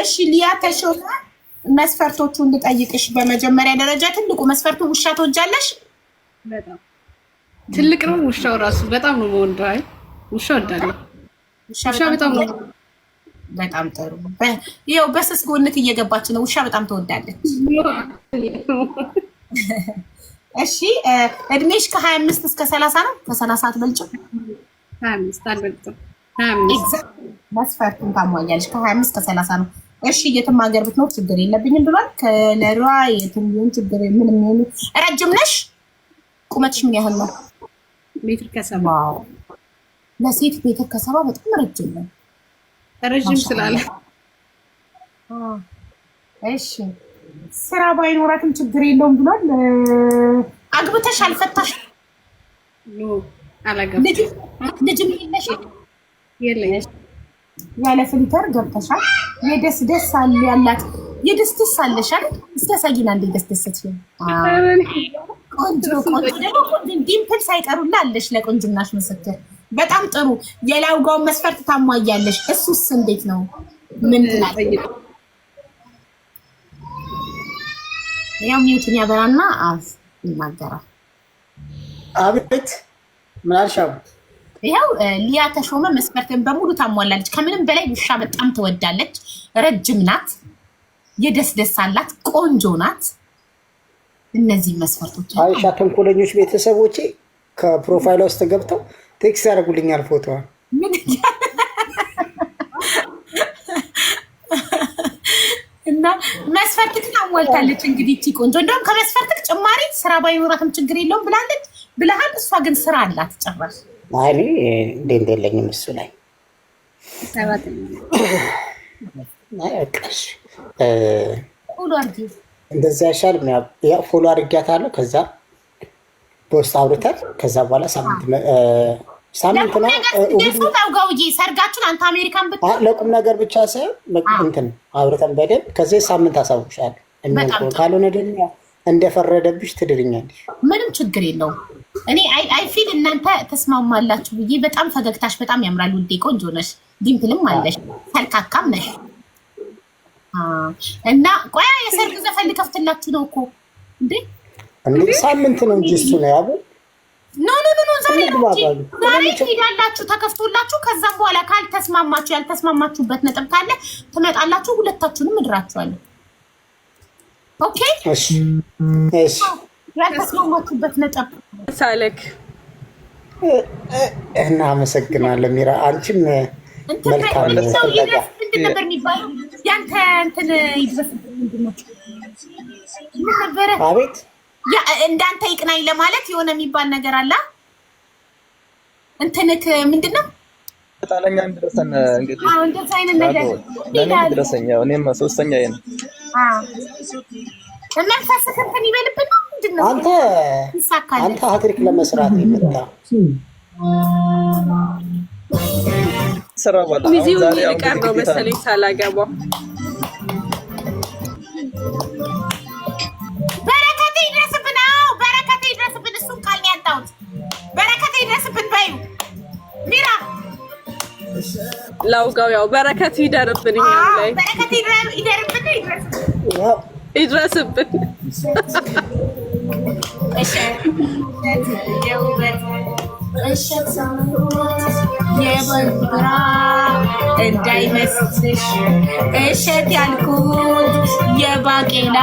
እሺ ሊያ ተሾመ መስፈርቶቹ እንድጠይቅሽ፣ በመጀመሪያ ደረጃ ትልቁ መስፈርቱ ውሻ ትወጃለሽ? በጣም ትልቅ ነው። ውሻው ራሱ በጣም ነው የምወደው። አይ ውሻ እወዳለሁ። ውሻ በጣም ነው። በጣም ጥሩ። ይኸው በስስ ጎነት እየገባች ነው። ውሻ በጣም ትወዳለች። እሺ እድሜሽ ከሀያ አምስት እስከ ሰላሳ ነው። ከሰላሳ አትበልጭም። ሀያ አምስት አልበልጥም። መስፈርቱ ታሟያለች። ከሀያ አምስት ከሰላሳ ነው። እሺ የትም ሀገር ብትኖር ችግር የለብኝም ብሏል። ከለሯ የትም ቢሆን ችግር ምንም ሆኑ። ረጅም ነሽ? ቁመትሽ ምን ያህል ነው? ሜትር ከሰባ ለሴት ሜትር ከሰባ በጣም ረጅም ነው። ረዥም ስላለ እሺ ስራ ባይኖራትም ችግር የለውም ብሏል። አግብተሽ አልፈታሽ? ልጅም የለሽም ያለ ፍልተር ገብተሻል። የደስ ደስ አለ ያላት የደስ ደስ አለሻል። እስኪ አሳይን አንዴ ደስ ደስ ነው ቆንጆ ቆንጆ ዲምፕል ሳይቀሩላ አለሽ። ለቆንጅናሽ ምስክር በጣም ጥሩ። የላውጋውን መስፈርት ታሟያለሽ። እሱስ እንዴት ነው? ምን ትላለህ? ያው ሚውትን ያበራና ይናገራል። አቤት ምን አልሽ? ይኸው ሊያ ተሾመ መስፈርትን በሙሉ ታሟላለች። ከምንም በላይ ውሻ በጣም ትወዳለች። ረጅም ናት፣ የደስደስ አላት፣ ቆንጆ ናት። እነዚህ መስፈርቶች አይሻ ተንኮለኞች ቤተሰቦቼ ከፕሮፋይል ውስጥ ገብተው ቴክስ ያደርጉልኛል ፎቶዋል እና መስፈርትክን አሟልታለች። እንግዲህ እቺ ቆንጆ እንደውም ከመስፈርትክ ጭማሪ ስራ ባይኖራትም ችግር የለውም ብላለች ብለሃል። እሷ ግን ስራ አላት ጨራሽ ማሪ እንዴት የለኝም እሱ ላይ እንደዚ ያሻል። ፎሎ አድርጊያት አለው። ከዛ ፖስት አውርተን ከዛ በኋላ ሳምንት ሳምንት ነው ሰርጋችሁን አንተ አሜሪካን ለቁም ነገር ብቻ ሳይሆን እንትን አውርተን በደንብ ከዚህ ሳምንት አሳውቅሻለሁ። ካልሆነ ደግሞ እንደፈረደብሽ ትድርኛለሽ። ምንም ችግር የለውም። እኔ አይ ፊል እናንተ ተስማማላችሁ ብዬ በጣም ፈገግታሽ በጣም ያምራል ውዴ፣ ቆንጆ ነሽ፣ ዲምፕልም አለሽ፣ ተልካካም ነሽ እና ቆያ የሰርግ ዘፈን ልከፍትላችሁ ነው እኮ እንዴ! እንዴ ሳምንት ነው እንጂ እሱ ነው ያቡ። ኖ ኖ ኖ ዛሬ ነው እንጂ ዛሬ ትሄዳላችሁ፣ ተከፍቶላችሁ። ከዛም በኋላ ካልተስማማችሁ፣ ያልተስማማችሁበት ነጥብ ካለ ትመጣላችሁ፣ ሁለታችሁንም እድራችኋለሁ። ኦኬ እሺ፣ ያልተስማማችሁበት ነጥብ ሳለክ እና እናመሰግናለን ሚራ፣ አንቺም መልካም አቤት። እንዳንተ ይቅናኝ ለማለት የሆነ የሚባል ነገር አለ። እንትንት ምንድን ነው? ጣለኛ ድረሰን እንግዲህ እንደዚህ አይነት ነገር ድረሰኛ እኔም ሶስተኛ ነው መንፈስ እንትን ይበልብን ነው አንተ አንተ ሀትሪክ ለመስራት የመጣ በረከት ይድረስብን። አዎ በረከት ይድረስብን። እሱን ቃል ያጣሁት። በረከት ይድረስብን በይው ሚራ ላውጋው ያው በረከት ይደርብን እኛ ላይ በረከት ይደርብን ይድረስብን የበራ እንዳይመስልሽ እሸት ያልኩት የባቄላ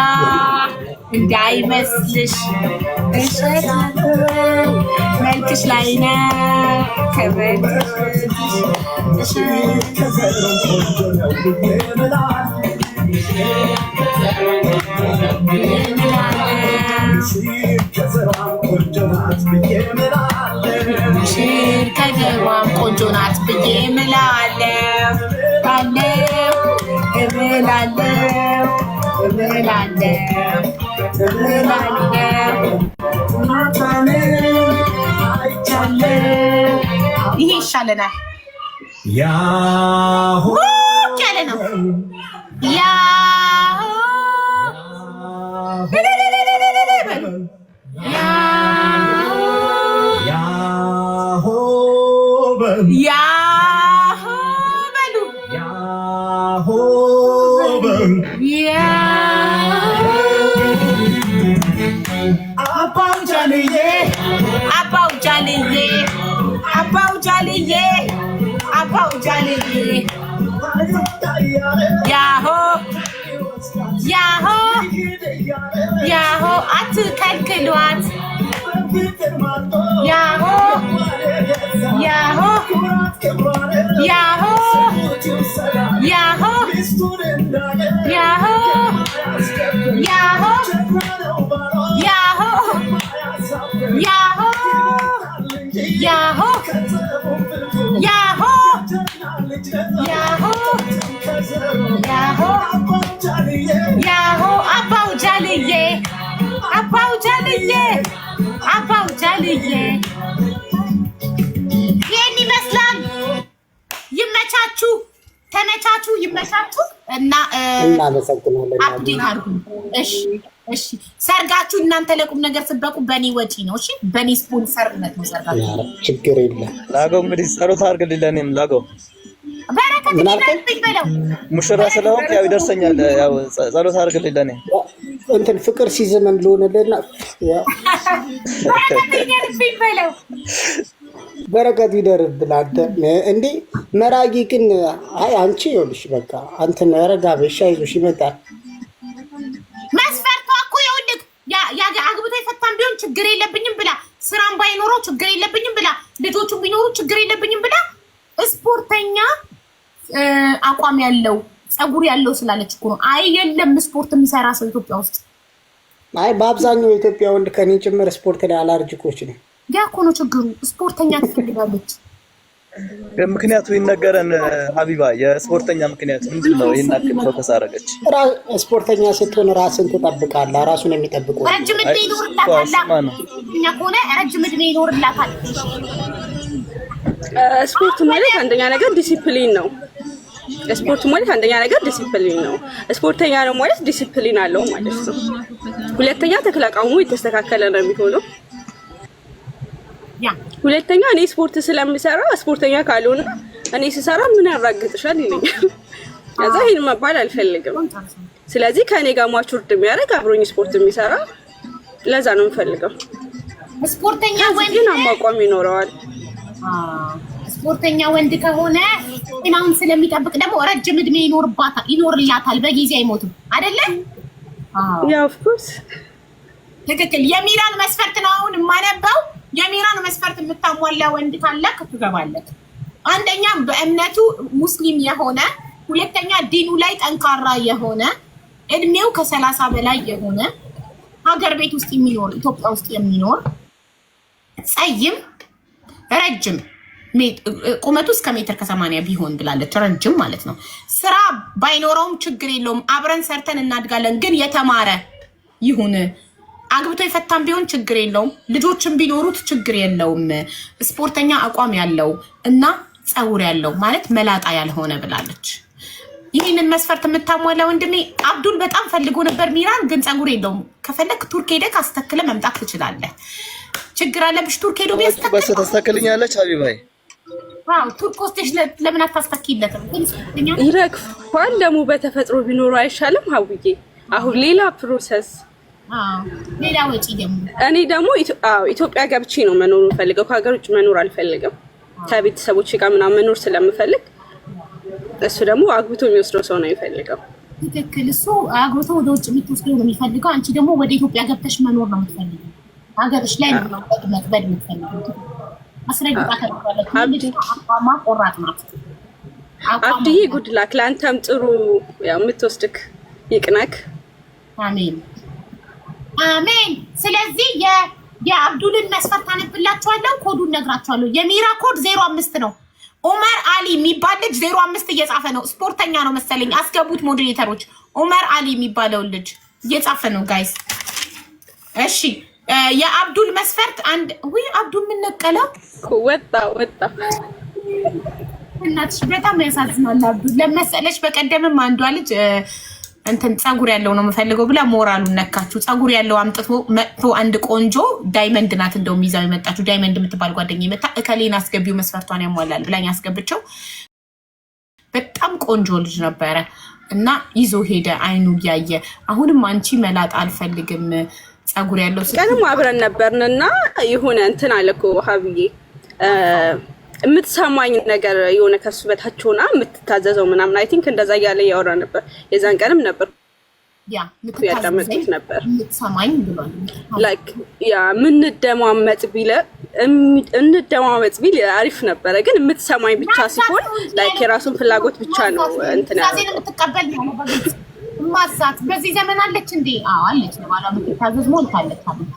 እንዳይመስልሽ እሸት መልክሽ ላይ ነው ከዘሯም ቆንጆ ናት ብዬ እምላለሁ። ሽር ከዘሯም ቆንጆ ናት ብዬ እምላለሁ። አለው እምላለሁ እምላለሁ እምላለሁ ናታንም አይቻለሁ። ይሄ ይሻለናል። ያሁ ያለ ነው ያሁ ያሆ በሉ አባው ጃልዬ አባው ጃልዬ አባው ጃልዬ አባው ጃልዬ ያሆ ያሆ ያሆ አትከልክሏት ያሆ Yahoo! Yahoo! Yahoo! Yahoo! Yahoo! Yahoo! Yahoo! Yahoo! Yahoo! Yahoo! Yahoo! Yahoo! Abao Jaliye! Abao Jaliye! Abao Jaliye! ተመቻችሁ ተመቻችሁ ይመቻችሁ እና አፕዴት እሺ ሰርጋችሁ እናንተ ለቁም ነገር ስበቁ በእኔ ወጪ ነው። እሺ በእኔ ስፖንሰርነት ነው ሰርጋችሁ። ችግር የለም። ላገው እንግዲህ ጸሎት አድርግልኝ ለእኔም ላገው ሙሽራ ስለሆንክ ያው ይደርሰኛል። ያው ጸሎት አድርግልኝ ለእኔ እንትን ፍቅር ሲዝመን ልሆንልና በረከት ይበለው። በረከት ይደርብን። አንተ እንዴ መራጊ ግን አይ አንቺ ይኸውልሽ በቃ አንተ መረጋ በሻ ይዞሽ ይመጣል። መስፈርቷ እኮ ይኸውልህ አግብቶ የፈታም ቢሆን ችግር የለብኝም ብላ ስራም ባይኖረው ችግር የለብኝም ብላ ልጆቹ ቢኖሩ ችግር የለብኝም ብላ ስፖርተኛ አቋም ያለው ጸጉር ያለው ስላለች እኮ ነው። አይ የለም ስፖርት የሚሰራ ሰው ኢትዮጵያ ውስጥ አይ በአብዛኛው የኢትዮጵያ ወንድ ከኔ ጭምር ስፖርት ላይ አላርጅኮች ነው። ያ እኮ ነው ችግሩ። ስፖርተኛ ትፈልጋለች። ምክንያቱ ይነገረን ሀቢባ፣ የስፖርተኛ ምክንያት ምንድን ነው? ይህን አክል ፎከስ አደረገች። ስፖርተኛ ስትሆን ራስን ትጠብቃለህ። ራሱን የሚጠብቁ ረጅም ዕድሜ ይኖርላታል። ከሆነ ረጅም ዕድሜ ይኖርላታል። ስፖርት ማለት አንደኛ ነገር ዲሲፕሊን ነው። ስፖርት ማለት አንደኛ ነገር ዲሲፕሊን ነው። ስፖርተኛ ነው ማለት ዲሲፕሊን አለው ማለት ነው። ሁለተኛ ተክላቃሙ የተስተካከለ ነው የሚሆነው ሁለተኛ እኔ ስፖርት ስለምሰራ ስፖርተኛ ካልሆነ እኔ ስሰራ ምን ያራግጥሻል ይለኛል። ከዛ ይህን መባል አልፈልግም። ስለዚህ ከእኔ ጋር ማቹርድ የሚያደርግ አብሮኝ ስፖርት የሚሰራ ለዛ ነው የምፈልገው። ስፖርተኛ ወንድ ግን አቋም ይኖረዋል። ስፖርተኛ ወንድ ከሆነ ጤናውን ስለሚጠብቅ ደግሞ ረጅም እድሜ ይኖርባታል ይኖርላታል። በጊዜ አይሞትም አይደለ? ያ ኦፍኮርስ ትክክል። የሚራን መስፈርት ነው አሁን የማነበው የሚራን መስፈርት የምታሟላ ወንድ ካለ ትገባለህ። አንደኛ በእምነቱ ሙስሊም የሆነ ሁለተኛ ዲኑ ላይ ጠንካራ የሆነ እድሜው ከሰላሳ በላይ የሆነ ሀገር ቤት ውስጥ የሚኖር ኢትዮጵያ ውስጥ የሚኖር ጸይም ረጅም ቁመቱ እስከ ሜትር ከሰማንያ ቢሆን ብላለች። ረጅም ማለት ነው። ስራ ባይኖረውም ችግር የለውም አብረን ሰርተን እናድጋለን። ግን የተማረ ይሁን አግብቶ የፈታም ቢሆን ችግር የለውም። ልጆችም ቢኖሩት ችግር የለውም። ስፖርተኛ አቋም ያለው እና ፀጉር ያለው ማለት መላጣ ያልሆነ ብላለች። ይህንን መስፈርት የምታሟላ ወንድሜ አብዱል በጣም ፈልጎ ነበር ሚራን፣ ግን ፀጉር የለውም። ከፈለግ ቱርክ ሄደህ አስተክለ መምጣት ትችላለህ። ችግር አለብሽ። ቱርክ ሄዶ ቢያስተክል ታስተክልኛለች። ሀቢባይ ቱርክ ወስደሽ ለምን አታስተኪለትም? ይረግፋል። ለሙ በተፈጥሮ ቢኖሩ አይሻልም? አውዬ አሁን ሌላ ፕሮሰስ እኔ ደግሞ ኢትዮጵያ ገብቼ ነው መኖር የምፈልገው። ከሀገር ውጭ መኖር አልፈልግም። ከቤተሰቦች ጋር ምናምን መኖር ስለምፈልግ እሱ ደግሞ አግብቶ የሚወስደው ሰው ነው የሚፈልገው። ትክክል። እሱ አግብቶ ወደ ውጭ የምትወስደው ነው የሚፈልገው። አንቺ ደግሞ ወደ ኢትዮጵያ ገብተሽ መኖር ነው የምትፈልገው። ሀገርሽ ላይ ነው መቅበድ የምትፈልገው። አስረግጣ ቆራጥ ናት። አብድዬ ጉድላክ፣ ለአንተም ጥሩ የምትወስድክ ይቅናክ። አሜን አሜን። ስለዚህ የአብዱልን መስፈርት አነብላችኋለሁ። ኮዱን ነግራችኋለሁ። የሚራ ኮድ ዜሮ አምስት ነው። ኡመር አሊ የሚባል ልጅ ዜሮ አምስት እየጻፈ ነው። ስፖርተኛ ነው መሰለኝ። አስገቡት ሞዴሬተሮች። ኡመር አሊ የሚባለውን ልጅ እየጻፈ ነው ጋይስ። እሺ የአብዱል መስፈርት አንድ ወይ አብዱል የምንነቀለው ወጣ ወጣ እናትሽ በጣም ያሳዝናል። አብዱል ለመሰለች በቀደምም አንዷ ልጅ እንትን ፀጉር ያለው ነው የምፈልገው ብላ ሞራሉን ነካችሁ። ፀጉር ያለው አምጥቶ መጥቶ አንድ ቆንጆ ዳይመንድ ናት እንደውም ይዛው የመጣችሁ ዳይመንድ የምትባል ጓደኛ ይመጣ እከሌን አስገቢው መስፈርቷን ያሟላል ብላኝ አስገብቸው በጣም ቆንጆ ልጅ ነበረ እና ይዞ ሄደ። አይኑ እያየ አሁንም አንቺ መላጥ አልፈልግም ፀጉር ያለው ቀንም አብረን እና ይሁን እንትን አለ ሀብዬ የምትሰማኝ ነገር የሆነ ከሱ በታች ሆና የምትታዘዘው ምናምን አይ ቲንክ እንደዛ እያለ እያወራ ነበር። የዛን ቀንም ነበር ያዳመጡት ነበር። ላይክ ያ ምንደማመጥ ቢለ እንደማመጥ ቢል አሪፍ ነበረ፣ ግን የምትሰማኝ ብቻ ሲሆን ላይክ የራሱን ፍላጎት ብቻ ነው እንትን ማሳት በዚህ ዘመን አለች እንዴ? አዎ አለች። ለባሏ የምትታዘዝ ሞልታለች አለች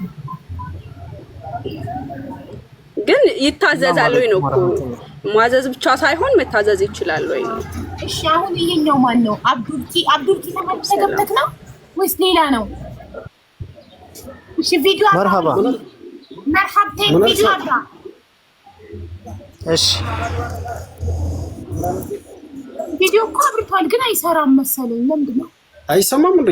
ግን ይታዘዛል ወይ ነው እኮ ማዘዝ ብቻ ሳይሆን መታዘዝ ይችላል ወይ ነው። እሺ አሁን ይሄኛው ማን ነው? አብዱርቲ አብዱርቲ ተመልሰህ ነው ወይስ ሌላ ነው? እሺ ቪዲዮ መርሃባ መርሃባ ቪዲዮ አባ እሺ ቪዲዮ እኮ አብርቷል፣ ግን አይሰራም መሰለኝ። ለምንድን ነው አይሰማም እንዴ?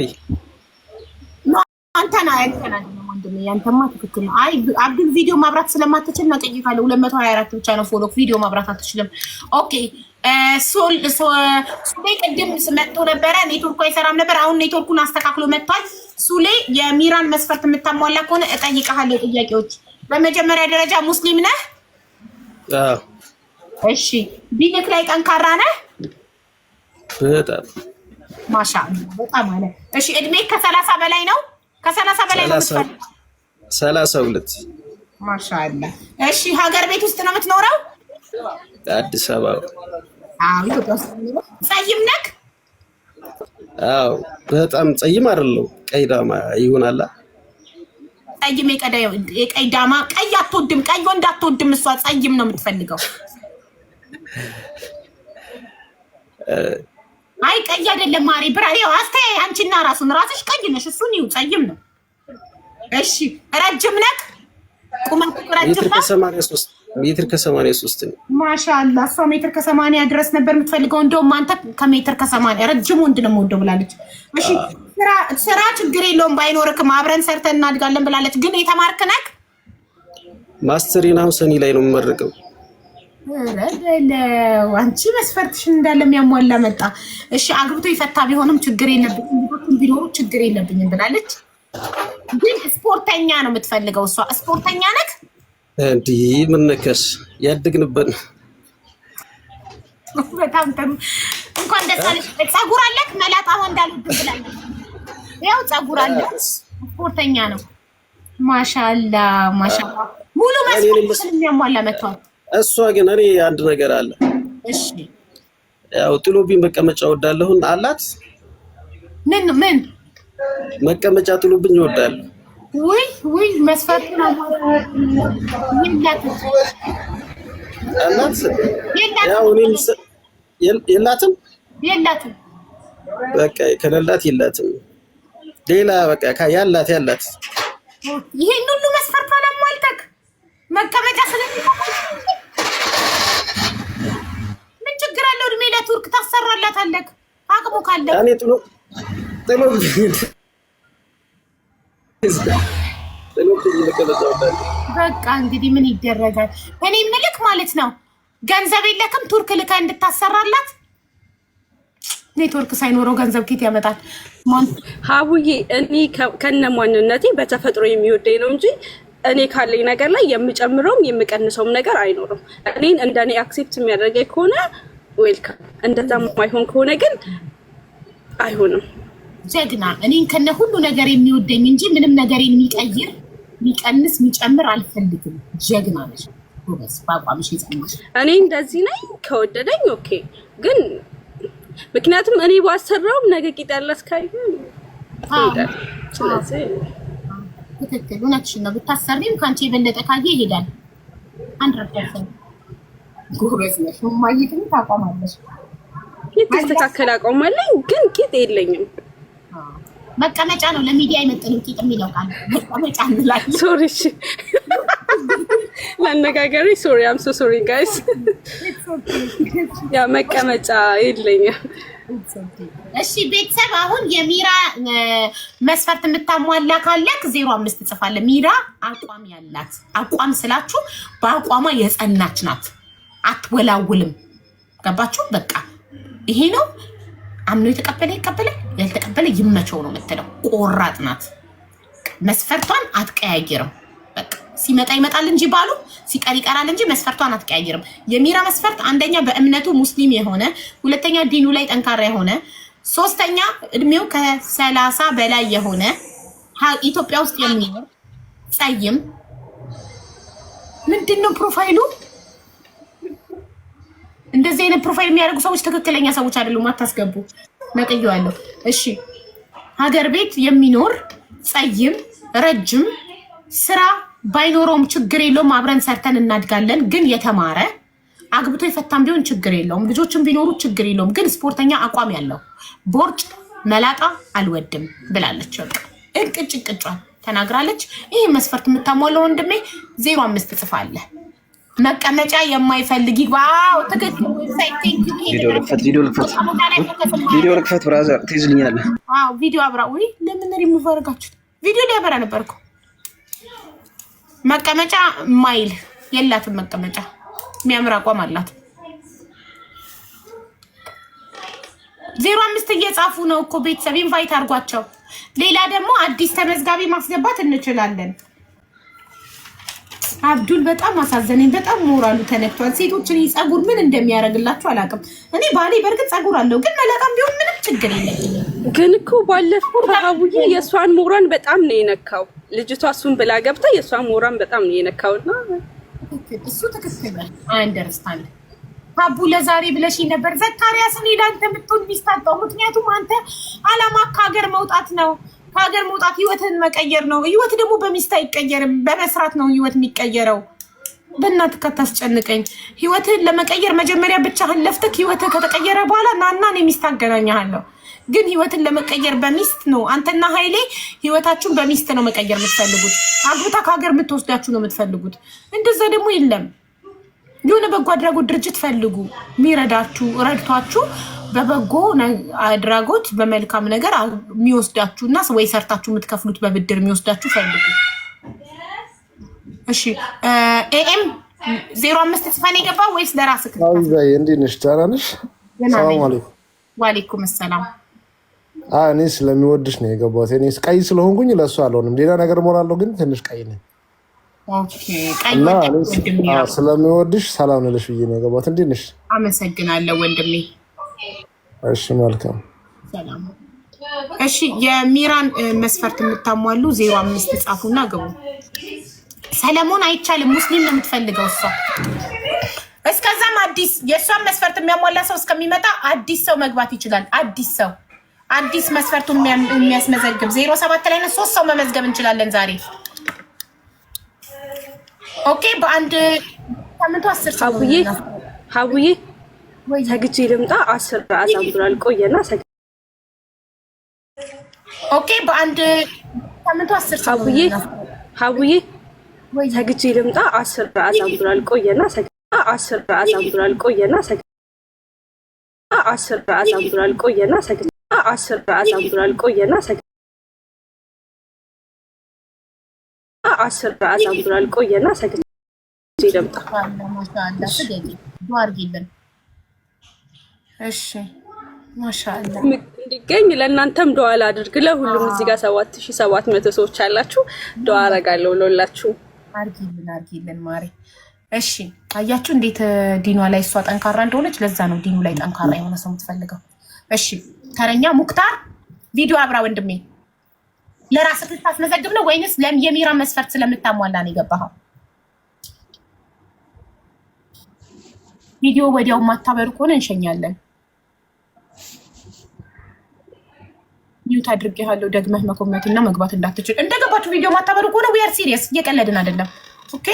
አንተና አንተና ወንድሜ ያንተማ ትክክል ነው። አይ አብዱል ቪዲዮ ማብራት ስለማትችል ነው ጠይቃለሁ። ሁለት ብቻ ነው ፎሎክ ቪዲዮ ማብራት አትችልም። ኦኬ ሱሌ ቅድም መጥቶ ነበረ፣ ኔትወርኩ አይሰራም ነበር። አሁን ኔትወርኩን አስተካክሎ መጥቷል። ሱሌ የሚራን መስፈርት የምታሟላ ከሆነ እጠይቀሃለሁ ጥያቄዎች። በመጀመሪያ ደረጃ ሙስሊም ነህ? እሺ። ዲንክ ላይ ጠንካራ ነህ? በጣም ማሻ በጣም አለ። እሺ። እድሜ ከሰላሳ በላይ ነው? ከሰላሳ በላይ ነው የምትፈልግ? ሰላሳ ሁለት ማሻአላ። እሺ ሀገር ቤት ውስጥ ነው የምትኖረው? አዲስ አበባ። አዎ ጸይም ነክ? አዎ በጣም ጸይም አይደለው፣ ቀይ ዳማ ይሆናላ። ጸይም የቀይ ዳማ ቀይ አትወድም፣ ቀይ ወንድ አትወድም። እሷ ጸይም ነው የምትፈልገው አይ ቀይ አይደለም ማሪ ብራ ይኸው አስተያየ አንቺና ራሱን ራስሽ ቀይ ነሽ፣ እሱን ይኸው ፀይም ነው። እሺ ረጅም ነህ፣ ቁመት ረጅም ነው። ሜትር ከሰማንያ ሦስት ነው። ማሻአላ እሷ ሜትር ከሰማንያ ድረስ ነበር የምትፈልገው። እንደውም አንተ ከሜትር ከሰማንያ ረጅም ወንድ ነው የምወደው ብላለች። እሺ ስራ ችግር የለውም ባይኖርክም አብረን ሰርተን እናድጋለን ብላለች። ግን የተማርክ ነክ ማስተር አሁን ሰኒ ላይ ነው የምመረቀው። አንቺ መስፈርትሽን እንዳለ የሚያሟላ መጣ። እሺ አግብቶ ይፈታ ቢሆንም ችግር የለብኝም ቢኖሩ ችግር የለብኝም ብላለች። ግን ስፖርተኛ ነው የምትፈልገው እሷ። ስፖርተኛ ነክ እንዲህ ምነከስ ያድግንብን በጣም እንኳን ደስ አለሽ። ፀጉር አለክ መላጣ እንዳልወድ ብላለች። ያው ፀጉር አለ ስፖርተኛ ነው። ማሻላ ማሻላ ሙሉ መስፈርትሽን የሚያሟላ መጥቷል። እሷ ግን እኔ አንድ ነገር አለ። እሺ ያው ጥሎብኝ መቀመጫ ወዳለሁን አላት። ምን ምን መቀመጫ ጥሎብኝ እወዳለሁ። ውይ ውይ መስፈርቱን የላትም የላትም በቃ ከሌላት የላትም። ሌላ በቃ ያላት ያላት ይሄን ሁሉ መስፈርቷ አሟልተክ መቀመጫ ስለሚቆም ችግር አለው? እድሜ ለቱርክ ታሰራላታለህ፣ አቅሙ ካለ በቃ እንግዲህ ምን ይደረጋል። እኔ ምልክ ማለት ነው ገንዘብ የለክም ቱርክ ልከ እንድታሰራላት ኔትወርክ ሳይኖረው ገንዘብ ኬት ያመጣል? ሀቡዬ እኔ ከነ ማንነቴ በተፈጥሮ የሚወደኝ ነው እንጂ እኔ ካለኝ ነገር ላይ የምጨምረውም የምቀንሰውም ነገር አይኖርም። እኔን እንደ እኔ አክሴፕት የሚያደርገኝ ከሆነ ዌልካም። እንደዛ ማይሆን ከሆነ ግን አይሆንም። ጀግና እኔን ከነ ሁሉ ነገር የሚወደኝ እንጂ ምንም ነገር የሚቀይር የሚቀንስ የሚጨምር አልፈልግም። ጀግና ጎበዝ፣ በአቋምሽ እኔ እንደዚህ ነኝ፣ ከወደደኝ ኦኬ። ግን ምክንያቱም እኔ ባሰራውም ነገ ቂጥ ያለ እስካይ ስለዚህ ትክክል እውነትሽን ነው። ብታሰሪም ከአንቺ የበለጠ ካየ ይሄዳል አንድ ረዳሰ ጎበዝ ነሽ። ማየትም ታቋማለሽ። የተስተካከለ አቋም አለኝ፣ ግን ቂጥ የለኝም። መቀመጫ ነው። ለሚዲያ አይመጥንም ቂጥ የሚለው ቃል መቀመጫ እንላለን። ሶሪ እሺ፣ ለአነጋገሪ ሶሪ። አም ሶ ሶሪ ጋይስ። ያ መቀመጫ የለኝም። እሺ ቤተሰብ፣ አሁን የሚራ መስፈርት የምታሟላ ካለክ ዜሮ አምስት ጽፋለ። ሚራ አቋም ያላት አቋም ስላችሁ በአቋሟ የጸናች ናት። አትወላውልም። ገባችሁ? በቃ ይሄ ነው። አምኖ የተቀበለ ይቀበለ፣ ያልተቀበለ ይመቸው ነው የምትለው። ቆራጥ ናት። መስፈርቷን አትቀያየርም። ሲመጣ ይመጣል እንጂ ባሉ ሲቀር ይቀራል እንጂ መስፈርቷን አትቀያየርም። የሚራ መስፈርት አንደኛ በእምነቱ ሙስሊም የሆነ ሁለተኛ ዲኑ ላይ ጠንካራ የሆነ ሶስተኛ እድሜው ከሰላሳ በላይ የሆነ ኢትዮጵያ ውስጥ የሚኖር ጸይም ምንድን ነው ፕሮፋይሉ? እንደዚህ አይነት ፕሮፋይል የሚያደርጉ ሰዎች ትክክለኛ ሰዎች አይደሉም። አታስገቡ። ነቅየዋለሁ። እሺ፣ ሀገር ቤት የሚኖር ጸይም፣ ረጅም ስራ ባይኖረውም ችግር የለውም። አብረን ሰርተን እናድጋለን። ግን የተማረ አግብቶ የፈታም ቢሆን ችግር የለውም። ልጆችም ቢኖሩ ችግር የለውም። ግን ስፖርተኛ አቋም ያለው ቦርጭ መላጣ አልወድም ብላለች። በቃ እንቅጭ ተናግራለች። ይህ መስፈርት የምታሟለው ወንድሜ ዜሮ አምስት እጽፋለሁ መቀመጫ የማይፈልግ ዋው፣ ትክክል። ቪዲዮ ልክፈት፣ ቪዲዮ ልክፈት። ብራዘር ትይዝልኛለህ? ቪዲዮ አብራ። ወይ ለምን ሪሙቭ አደረጋችሁት? ቪዲዮ ሊያበራ ነበር እኮ መቀመጫ ማይል የላትም። መቀመጫ የሚያምር አቋም አላት። ዜሮ አምስት እየጻፉ ነው እኮ ቤተሰብ ኢንቫይት አድርጓቸው። ሌላ ደግሞ አዲስ ተመዝጋቢ ማስገባት እንችላለን። አብዱል በጣም አሳዘነኝ። በጣም ሞራሉ ተነክቷል። ሴቶችን ጸጉር ምን እንደሚያደርግላቸው አላውቅም። እኔ ባሌ በእርግጥ ጸጉር አለው፣ ግን መላጣም ቢሆን ምንም ችግር የለም። ግን እኮ ባለፈው ሀቡዬ የእሷን ሞራን በጣም ነው የነካው። ልጅቷ እሱን ብላ ገብታ የእሷን ሞራን በጣም ነው የነካው። እና እሱ ትክክል አንደርስታንድ ሀቡ ለዛሬ ብለሽ ነበር ዘካሪያስን ሄዳ አንተ የምትሆን ሚስታጣው። ምክንያቱም አንተ አላማ ከሀገር መውጣት ነው ከሀገር መውጣት ህይወትን መቀየር ነው። ህይወት ደግሞ በሚስት አይቀየርም፣ በመስራት ነው ህይወት የሚቀየረው። በእናት ከታስጨንቀኝ ህይወትን ለመቀየር መጀመሪያ ብቻህን ለፍተህ ህይወትን ከተቀየረ በኋላ ናና እኔ ሚስት አገናኘሃለሁ። ግን ህይወትን ለመቀየር በሚስት ነው። አንተና ሀይሌ ህይወታችሁን በሚስት ነው መቀየር የምትፈልጉት። አግብታ ከሀገር የምትወስዳችሁ ነው የምትፈልጉት። እንደዛ ደግሞ የለም። የሆነ በጎ አድራጎት ድርጅት ፈልጉ፣ የሚረዳችሁ ረድቷችሁ በበጎ አድራጎት በመልካም ነገር የሚወስዳችሁ እና ወይ ሰርታችሁ የምትከፍሉት በብድር የሚወስዳችሁ ፈልጉ። እሺ ኤኤም ዜሮ አምስት ስፋን የገባ ወይስ ለራስህ? እንዴት ነሽ? ደህና ነሽ? ሰላም አለይኩም። ዋሌኩም ሰላም። እኔ ስለሚወድሽ ነው የገባሁት። እኔ ቀይ ስለሆንኩኝ ለእሱ አልሆንም፣ ሌላ ነገር እሞላለሁ፣ ግን ትንሽ ቀይ ነኝ እና ስለሚወድሽ ሰላም ልልሽ ብዬ ነው የገባሁት። እንዴት ነሽ? አመሰግናለሁ ወንድሜ። እሺ መልካም። እሺ የሚራን መስፈርት የምታሟሉ ዜሮ አምስት ጻፉና ግቡ። ሰለሞን አይቻልም፣ ሙስሊም ነው የምትፈልገው እሷ። እስከዛም አዲስ የእሷን መስፈርት የሚያሟላ ሰው እስከሚመጣ አዲስ ሰው መግባት ይችላል። አዲስ ሰው አዲስ መስፈርቱን የሚያስመዘግብ ዜሮ ሰባት ላይ ነው። ሶስት ሰው መመዝገብ እንችላለን ዛሬ። ኦኬ በአንድ ሳምንቱ አስር ሰው ሀቡዬ ሰግቼ ልምጣ። አስር አዛምብራል ቆየና ኦኬ። በአንድ ሳምንቱ አስር ሀቡዬ ሀቡዬ ሰግቼ ልምጣ። አስር አዛምብራል ቆየና አስር አዛምብራል ቆየና አስር አዛምብራል ቆየና አስር አዛምብራል ቆየና አስር አዛምብራል ቆየና ሰግቼ ልምጣ። እሺ ማሻአላ እንዲገኝ ለእናንተም ዱዓ አድርግ ለሁሉም እዚህ ጋር ሰባት ሺህ ሰባት መቶ ሰዎች አላችሁ። ደዋ አረጋለሁ ብሎላችሁ አርጊልን አርጊልን ማሪ። እሺ አያችሁ እንዴት ዲኗ ላይ እሷ ጠንካራ እንደሆነች። ለዛ ነው ዲኑ ላይ ጠንካራ የሆነ ሰው የምትፈልገው። እሺ ተረኛ ሙክታር ቪዲዮ አብራ ወንድሜ። ለራስህ ልታስመዘግብ ነው ወይንስ የሚራ መስፈርት ስለምታሟላ ነው የገባኸው? ቪዲዮ ወዲያው ማታበሩ ከሆነ እንሸኛለን። ሚዩት አድርጌሃለሁ። ደግመህ እና መግባት እንዳትችል እንደገባችሁ ቪዲዮ ማታበሩ ከሆነ ዊአር ሲሪየስ እየቀለድን አይደለም። ኦኬ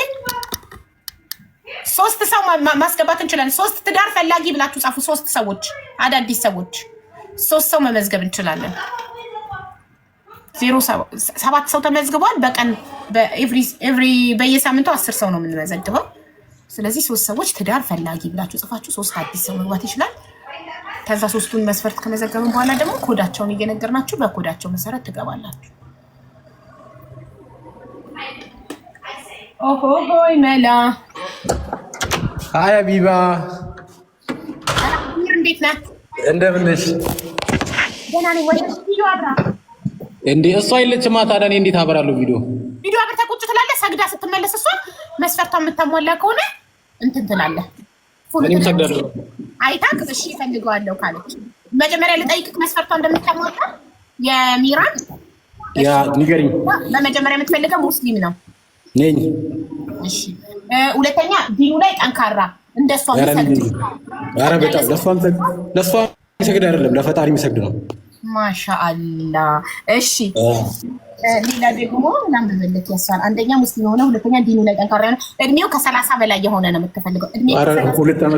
ሶስት ሰው ማስገባት እንችላለን። ሶስት ትዳር ፈላጊ ብላችሁ ጻፉ። ሶስት ሰዎች አዳዲስ ሰዎች ሶስት ሰው መመዝገብ እንችላለን። ዜሮ ሰባት ሰው ተመዝግቧል። በቀን ኤቭሪ በየሳምንቱ አስር ሰው ነው የምንመዘግበው። ስለዚህ ሶስት ሰዎች ትዳር ፈላጊ ብላችሁ ጽፋችሁ ሶስት አዲስ ሰው መግባት ይችላል። ከዛ ሶስቱን መስፈርት ከመዘገብን በኋላ ደግሞ ኮዳቸውን እየነገርናችሁ በኮዳቸው መሰረት ትገባላችሁ። ኦሆ ሆይ መላ ሀይ አቢባ እንዴት ነህ? እንደምን ነሽ? ደህና ነኝ። ወይ ቪዲዮ አብራ እንዴ? እሷ የለችማ። ታዲያ እኔ እንዴት አብራለሁ ቪዲዮ? ቪዲዮ አብረህ ቁጭ ትላለህ። ሰግዳ ስትመለስ እሷ መስፈርቷ የምታሟላ ከሆነ እንትን ትላለህ። እኔም ሰግዳለሁ አይታክ እሺ እፈልገዋለሁ ካለች መጀመሪያ ልጠይቅህ መስፈርቷ እንደምታሟላ የሚራን ያ ንገሪኝ። በመጀመሪያ የምትፈልገው ሙስሊም ነው ነኝ። እሺ ሁለተኛ ዲኑ ላይ ጠንካራ እንደሷ የሚሰግድ ኧረ በጣም የሚሰግድ አይደለም ለፈጣሪ የሚሰግድ ነው። ማሻአላ እሺ። ሌላ ደግሞ ላንብብለት ያሷል። አንደኛ ሙስሊም የሆነ ሁለተኛ ዲኑ ላይ ጠንካራ የሆነ እድሜው ከሰላሳ በላይ የሆነ ነው የምትፈልገው እድሜ